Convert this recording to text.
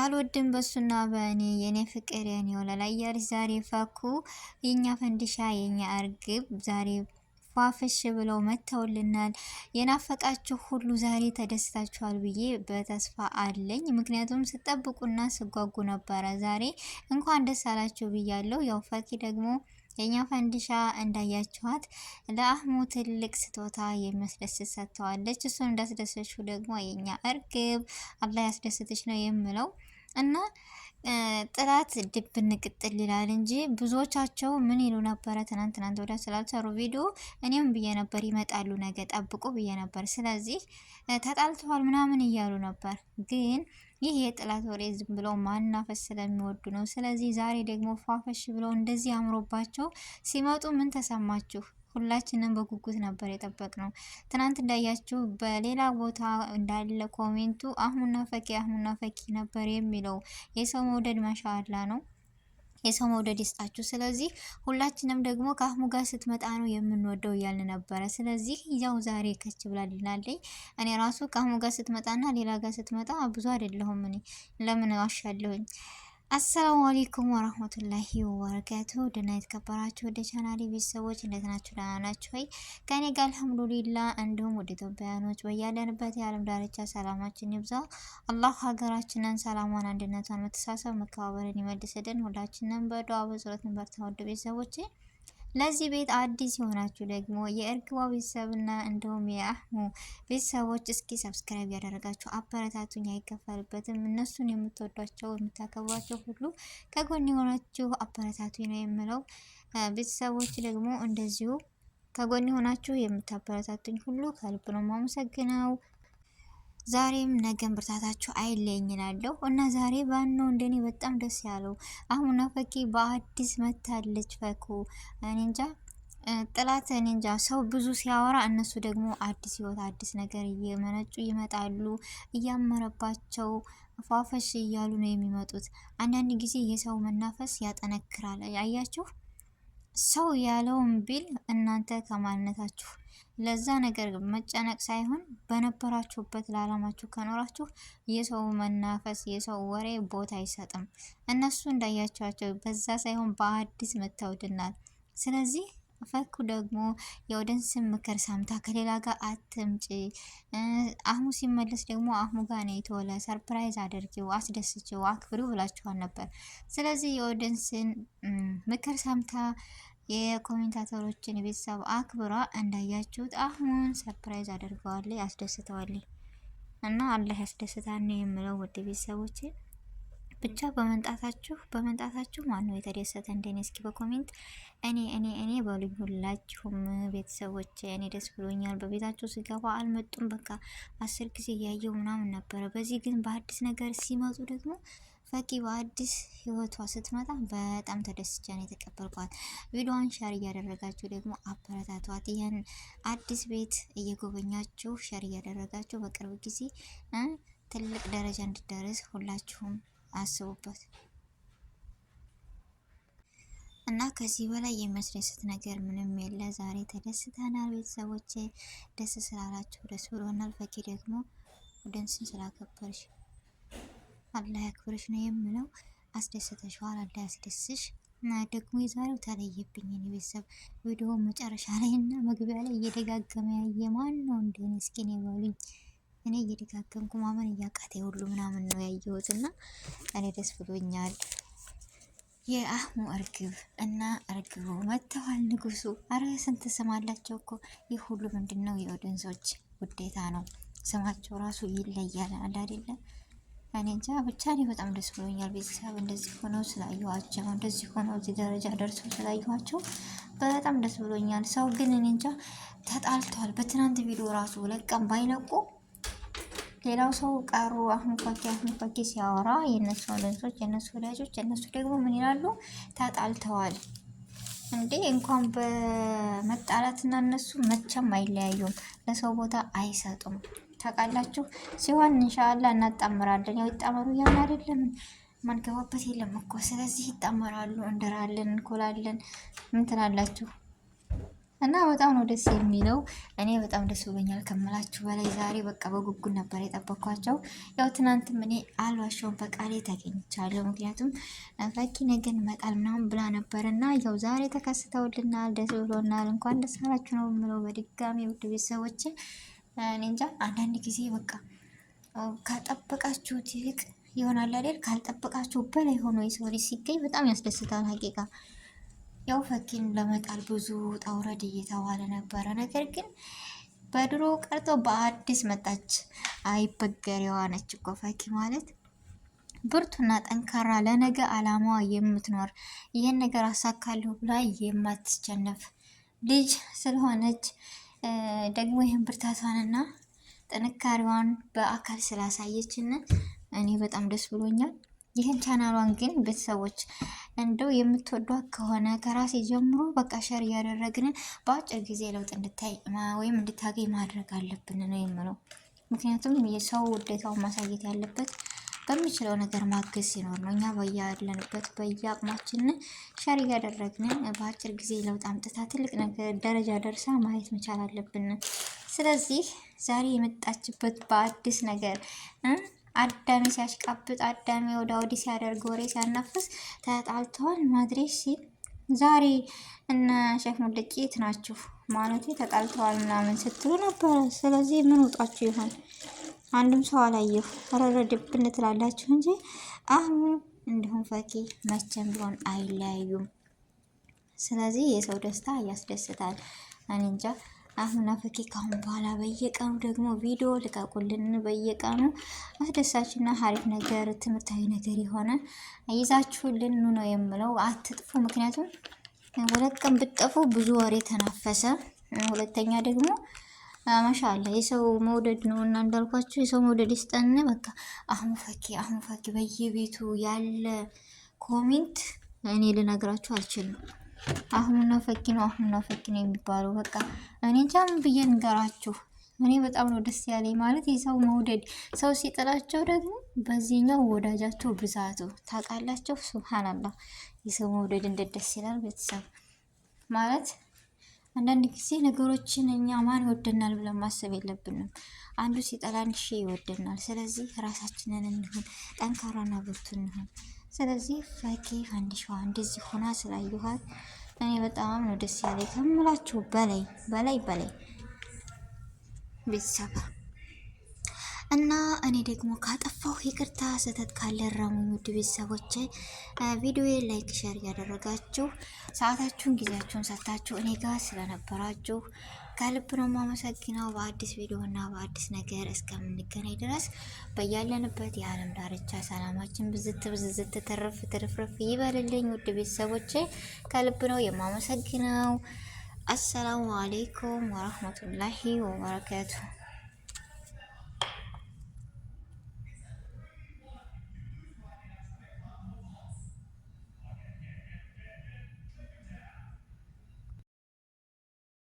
አልወድም በሱና በእኔ የኔ ፍቅር የኔ ወለላ እያለች ዛሬ ፈኩ የኛ ፈንዲሻ የኛ እርግብ ዛሬ ፏፍሽ ብለው መተውልናል። የናፈቃችሁ ሁሉ ዛሬ ተደስታችኋል ብዬ በተስፋ አለኝ። ምክንያቱም ስጠብቁና ስጓጉ ነበረ። ዛሬ እንኳን ደስ አላችሁ ብያለሁ። ያው ፈኪ ደግሞ የእኛ ፈንዲሻ እንዳያችኋት ለአህሙ ትልቅ ስጦታ የሚያስደስት ሰጥተዋለች። እሱን እንዳስደሰችው ደግሞ የእኛ እርግብ አላህ ያስደስትች ነው የምለው እና ጥላት ድብ ንቅጥል ይላል እንጂ ብዙዎቻቸው ምን ይሉ ነበረ? ትናንት ትናንት ወዲያ ስላልሰሩ ቪዲዮ እኔም ብዬ ነበር ይመጣሉ ነገ ጠብቁ ብዬ ነበር። ስለዚህ ተጣልተዋል ምናምን እያሉ ነበር ግን ይህ የጥላት ወሬ ዝም ብሎ ማናፈስ ስለሚወዱ ነው። ስለዚህ ዛሬ ደግሞ ፏፈሽ ብለው እንደዚህ አምሮባቸው ሲመጡ ምን ተሰማችሁ? ሁላችንም በጉጉት ነበር የጠበቅ ነው። ትናንት እንዳያችሁ በሌላ ቦታ እንዳለ ኮሜንቱ አህሙና ፈኪ አህሙና ፈኪ ነበር የሚለው የሰው መውደድ ማሻአላ ነው። የሰው መውደድ ይስጣችሁ። ስለዚህ ሁላችንም ደግሞ ከአህሙ ጋር ስትመጣ ነው የምንወደው እያልን ነበረ። ስለዚህ ያው ዛሬ ከች ልናለኝ እኔ ራሱ ከአህሙ ጋር ስትመጣና ሌላ ጋር ስትመጣ ብዙ አይደለሁም እኔ ለምን ዋሻለሁኝ? አሰላሙ አሌይኩም ወረህመቱላሂ ወበረካቱ ድና የተከበራችሁ ወደ ቻናሌ ቤተሰቦች እንዴት ናችሁ? ደህና ናችሁ ወይ? ከኔ ጋር አልሐምዱሊላ። እንዲሁም ወደ ኢትዮጵያውያኖች በያለንበት የዓለም ዳርቻ ሰላማችን ይብዛው። አላህ ሀገራችንን ሰላሟን፣ አንድነቷን፣ መተሳሰብ መከባበርን ይመልስልን። ሁላችንም በዱዓ በጸሎት ንበርታ ወደ ቤተሰቦች ለዚህ ቤት አዲስ የሆናችሁ ደግሞ የእርግቧ ቤተሰብና እንደውም የአህሙ ቤተሰቦች እስኪ ሰብስክራይብ ያደረጋችሁ አበረታቱኝ፣ አይከፈልበትም። እነሱን የምትወዷቸው የምታከብሯቸው ሁሉ ከጎን የሆናችሁ አበረታቱኝ ነው የምለው። ቤተሰቦች ደግሞ እንደዚሁ ከጎን የሆናችሁ የምታበረታቱኝ ሁሉ ከልብ ነው ማመሰግነው። ዛሬም ነገም ብርታታችሁ አይለየኝ እና ዛሬ ባኖ እንደኔ በጣም ደስ ያለው። አሁን ፈኪ በአዲስ መታለች። ፈኩ እኔ እንጃ ጥላት እኔ እንጃ ሰው ብዙ ሲያወራ እነሱ ደግሞ አዲስ ህይወት አዲስ ነገር እየመነጩ ይመጣሉ። እያመረባቸው ፏፈሽ እያሉ ነው የሚመጡት። አንዳንድ ጊዜ የሰው መናፈስ ያጠነክራል። አያችሁ ሰው ያለውን ቢል እናንተ ከማንነታችሁ ለዛ ነገር መጨነቅ ሳይሆን በነበራችሁበት ለዓላማችሁ ከኖራችሁ የሰው መናፈስ የሰው ወሬ ቦታ አይሰጥም። እነሱ እንዳያቸዋቸው በዛ ሳይሆን በአዲስ መተውድናል። ስለዚህ ፈኩ ደግሞ የኦደንስን ምክር ሰምታ ከሌላ ጋር አትምጪ፣ አህሙ ሲመለስ ደግሞ አህሙ ጋር ነው የተወለ ሰርፕራይዝ አድርጊው፣ አስደስችው፣ አክብሪው ብላችኋል ነበር። ስለዚህ የኦደንስን ምክር ሰምታ የኮሜንታተሮችን የቤተሰብ አክብሯ እንዳያችሁት አህሙን ሰርፕራይዝ አድርገዋል፣ አስደስተዋል እና አላህ ያስደስታን ነው የምለው ውድ ቤተሰቦችን ብቻ በመምጣታችሁ በመምጣታችሁ ማን ነው የተደሰተ እንደኔ? እስኪ በኮሜንት እኔ እኔ እኔ በልዩ ሁላችሁም ቤተሰቦች እኔ ደስ ብሎኛል። በቤታችሁ ስገባ አልመጡም። በቃ አስር ጊዜ እያየው ምናምን ነበረ። በዚህ ግን በአዲስ ነገር ሲመጡ ደግሞ ፈኪ በአዲስ ህይወቷ ስትመጣ በጣም ተደስቻ ነው የተቀበልኳት። ቪዲዮዋን ሸር እያደረጋችሁ ደግሞ አበረታቷት። ይህን አዲስ ቤት እየጎበኛችሁ ሸር እያደረጋችሁ በቅርብ ጊዜ ትልቅ ደረጃ እንድደርስ ሁላችሁም አስቡበት። እና ከዚህ በላይ የሚያስደስት ነገር ምንም የለ። ዛሬ ተደስተናል ቤተሰቦች፣ ደስ ስላላችሁ ደስ ብሎናል። ፈኪ ደግሞ ደንስን ስላከበርሽ አላህ ያክብርሽ ነው የምለው። አስደስተሽዋል፣ አላህ ያስደስሽ። እና ደግሞ የዛሬው ተለየብኝ እኔ ቤተሰብ ቪዲዮ መጨረሻ ላይ እና መግቢያ ላይ እየደጋገመ ያየ ማን ነው እንደኔ እስኪን ይበሉኝ። እኔ እየደጋገምኩ ማመን እያቃቴ ሁሉ ምናምን ነው ያየሁት እና እኔ ደስ ብሎኛል። የአህሙ እርግብ እና እርግቡ መጥተዋል። ንጉሱ አረ ስንት ስም አላቸው እኮ ይህ ሁሉ ምንድን ነው? ሰዎች ውዴታ ነው። ስማቸው ራሱ ይለያል አንድ አይደለም። እኔ እንጃ ብቻ እኔ በጣም ደስ ብሎኛል። ቤተሰብ እንደዚህ ሆነው ስላየኋቸው፣ እንደዚህ ሆነው እዚህ ደረጃ ደርሰው ስላየኋቸው በጣም ደስ ብሎኛል። ሰው ግን እኔ እንጃ ተጣልተዋል። በትናንት ቪዲዮ ራሱ ለቀም ባይለቁ ሌላው ሰው ቀሩ አሁን ፈኪ አሁን ፈኪ ሲያወራ የነሱ ወለንሶች የነሱ ወዳጆች እነሱ ደግሞ ምን ይላሉ? ተጣልተዋል እንዴ! እንኳን በመጣላትና እነሱ መቼም አይለያዩም፣ ለሰው ቦታ አይሰጡም። ታውቃላችሁ ሲሆን እንሻላ እናጣምራለን። ያው ይጣመሩ ያን አይደለም ማንገባበት የለም እኮ ስለዚህ ይጣመራሉ። እንደራለን፣ እንኮላለን። ምን ትላላችሁ? እና በጣም ነው ደስ የሚለው። እኔ በጣም ደስ ብሎኛል ከምላችሁ በላይ ዛሬ በቃ በጉጉት ነበር የጠበኳቸው። ያው ትናንትም እኔ አልዋሸውም በቃሌ ተገኝቻለሁ። ምክንያቱም ፈኪ ነገን መጣል ምናምን ብላ ነበር እና ያው ዛሬ ተከስተውልናል፣ ደስ ብሎናል። እንኳን ደስ አላችሁ ነው የምለው በድጋሚ ውድ ቤተሰቦች። እኔ እንጃ አንዳንድ ጊዜ በቃ ከጠበቃችሁት ይልቅ ይሆናል አይደል? ካልጠበቃችሁ በላይ ሆኖ የሰው ልጅ ሲገኝ በጣም ያስደስታል ሀቂቃ ያው ፈኪን ለመጣል ብዙ ውጣ ውረድ እየተባለ ነበረ። ነገር ግን በድሮ ቀርቶ በአዲስ መጣች አይበገር የዋነች እኮ ፈኪ ማለት ብርቱና ጠንካራ ለነገ አላማዋ የምትኖር ይህን ነገር አሳካለሁ ብላ የማትቸነፍ ልጅ ስለሆነች ደግሞ ይህን ብርታቷንና ጥንካሬዋን በአካል ስላሳየችን እኔ በጣም ደስ ብሎኛል። ይህን ቻናሏን ግን ቤተሰቦች እንደው የምትወዷት ከሆነ ከራሴ ጀምሮ በቃ ሸር እያደረግንን በአጭር ጊዜ ለውጥ እንድታይ ወይም እንድታገኝ ማድረግ አለብን ነው የምለው። ምክንያቱም የሰው ውዴታውን ማሳየት ያለበት በሚችለው ነገር ማገዝ ሲኖር ነው። እኛ በያለንበት በየአቅማችን ሸር እያደረግን በአጭር ጊዜ ለውጥ አምጥታ ትልቅ ነገር ደረጃ ደርሳ ማየት መቻል አለብን። ስለዚህ ዛሬ የመጣችበት በአዲስ ነገር አዳሚ ሲያሽቃብጥ፣ አዳሚ ወደ አውዲ ሲያደርግ፣ ወሬ ሲያናፍስ ተጣልተዋል ማድሬሽ ሲል ዛሬ እነ ሼክ ሙልቂ የት ናችሁ ማለት ተጣልተዋል ምናምን ስትሉ ነበረ። ስለዚህ ምን ውጣችሁ ይሆን? አንድም ሰው አላየሁ። ረረድብን ትላላችሁ እንጂ አህሙ እንዲሁም ፈኪ መቼም ቢሆን አይለያዩም። ስለዚህ የሰው ደስታ ያስደስታል። እኔ እንጃ። አህምና አፈኬ ካሁን በኋላ በየቀኑ ደግሞ ቪዲዮ ልቀቁልን። በየቀኑ አስደሳችና ሀሪፍ ነገር ትምህርታዊ ነገር የሆነ ይዛችሁልን ኑ ነው የምለው። አትጥፉ። ምክንያቱም ሁለት ቀን ብትጠፉ ብዙ ወሬ ተናፈሰ። ሁለተኛ ደግሞ ማሻአላ የሰው መውደድ ነው እና እንዳልኳችሁ የሰው መውደድ ይስጠን። በቃ አሁን ፈኬ አሁን ፈኬ በየቤቱ ያለ ኮሜንት እኔ ልነግራችሁ አልችልም። አህሙና ፈኪ ነው። አህሙና ፈኪ ነው የሚባለው። በቃ እኔ ቻም ብዬ ንገራችሁ። እኔ በጣም ነው ደስ ያለኝ። ማለት የሰው መውደድ ሰው ሲጥላቸው ደግሞ በዚህኛው ወዳጃቸው ብዛቱ ታውቃላቸው። ሱብሃናላህ የሰው መውደድ እንደ ደስ ይላል። ቤተሰብ ማለት አንዳንድ ጊዜ ነገሮችን እኛ ማን ይወደናል ብለን ማሰብ የለብንም። አንዱ ሲጠላን ሺ ይወደናል። ስለዚህ ራሳችንን እንሁን፣ ጠንካራና ብርቱ እንሁን። ስለዚህ ፈኪ ሸዋ እንደዚህ ሆና ስላየኋት እኔ በጣም ነው ደስ ያለኝ ከምላችሁ በላይ በላይ በላይ ቤተሰብ እና እኔ ደግሞ ካጠፋሁ ይቅርታ፣ ስህተት ካለ ራሙኝ። ውድ ቤተሰቦቼ ቪዲዮ ላይክ፣ ሸር እያደረጋችሁ ሰዓታችሁን፣ ጊዜያችሁን ሰጥታችሁ እኔ ጋር ስለነበራችሁ ከልብ ነው የማመሰግነው። በአዲስ ቪዲዮ እና በአዲስ ነገር እስከምንገናኝ ድረስ በያለንበት የዓለም ዳርቻ ሰላማችን ብዝት ብዝዝት ትርፍ ትርፍርፍ ይበልልኝ። ውድ ቤተሰቦቼ ከልብ ነው የማመሰግነው። አሰላሙ አሌይኩም ወረህመቱላሂ ወበረካቱ።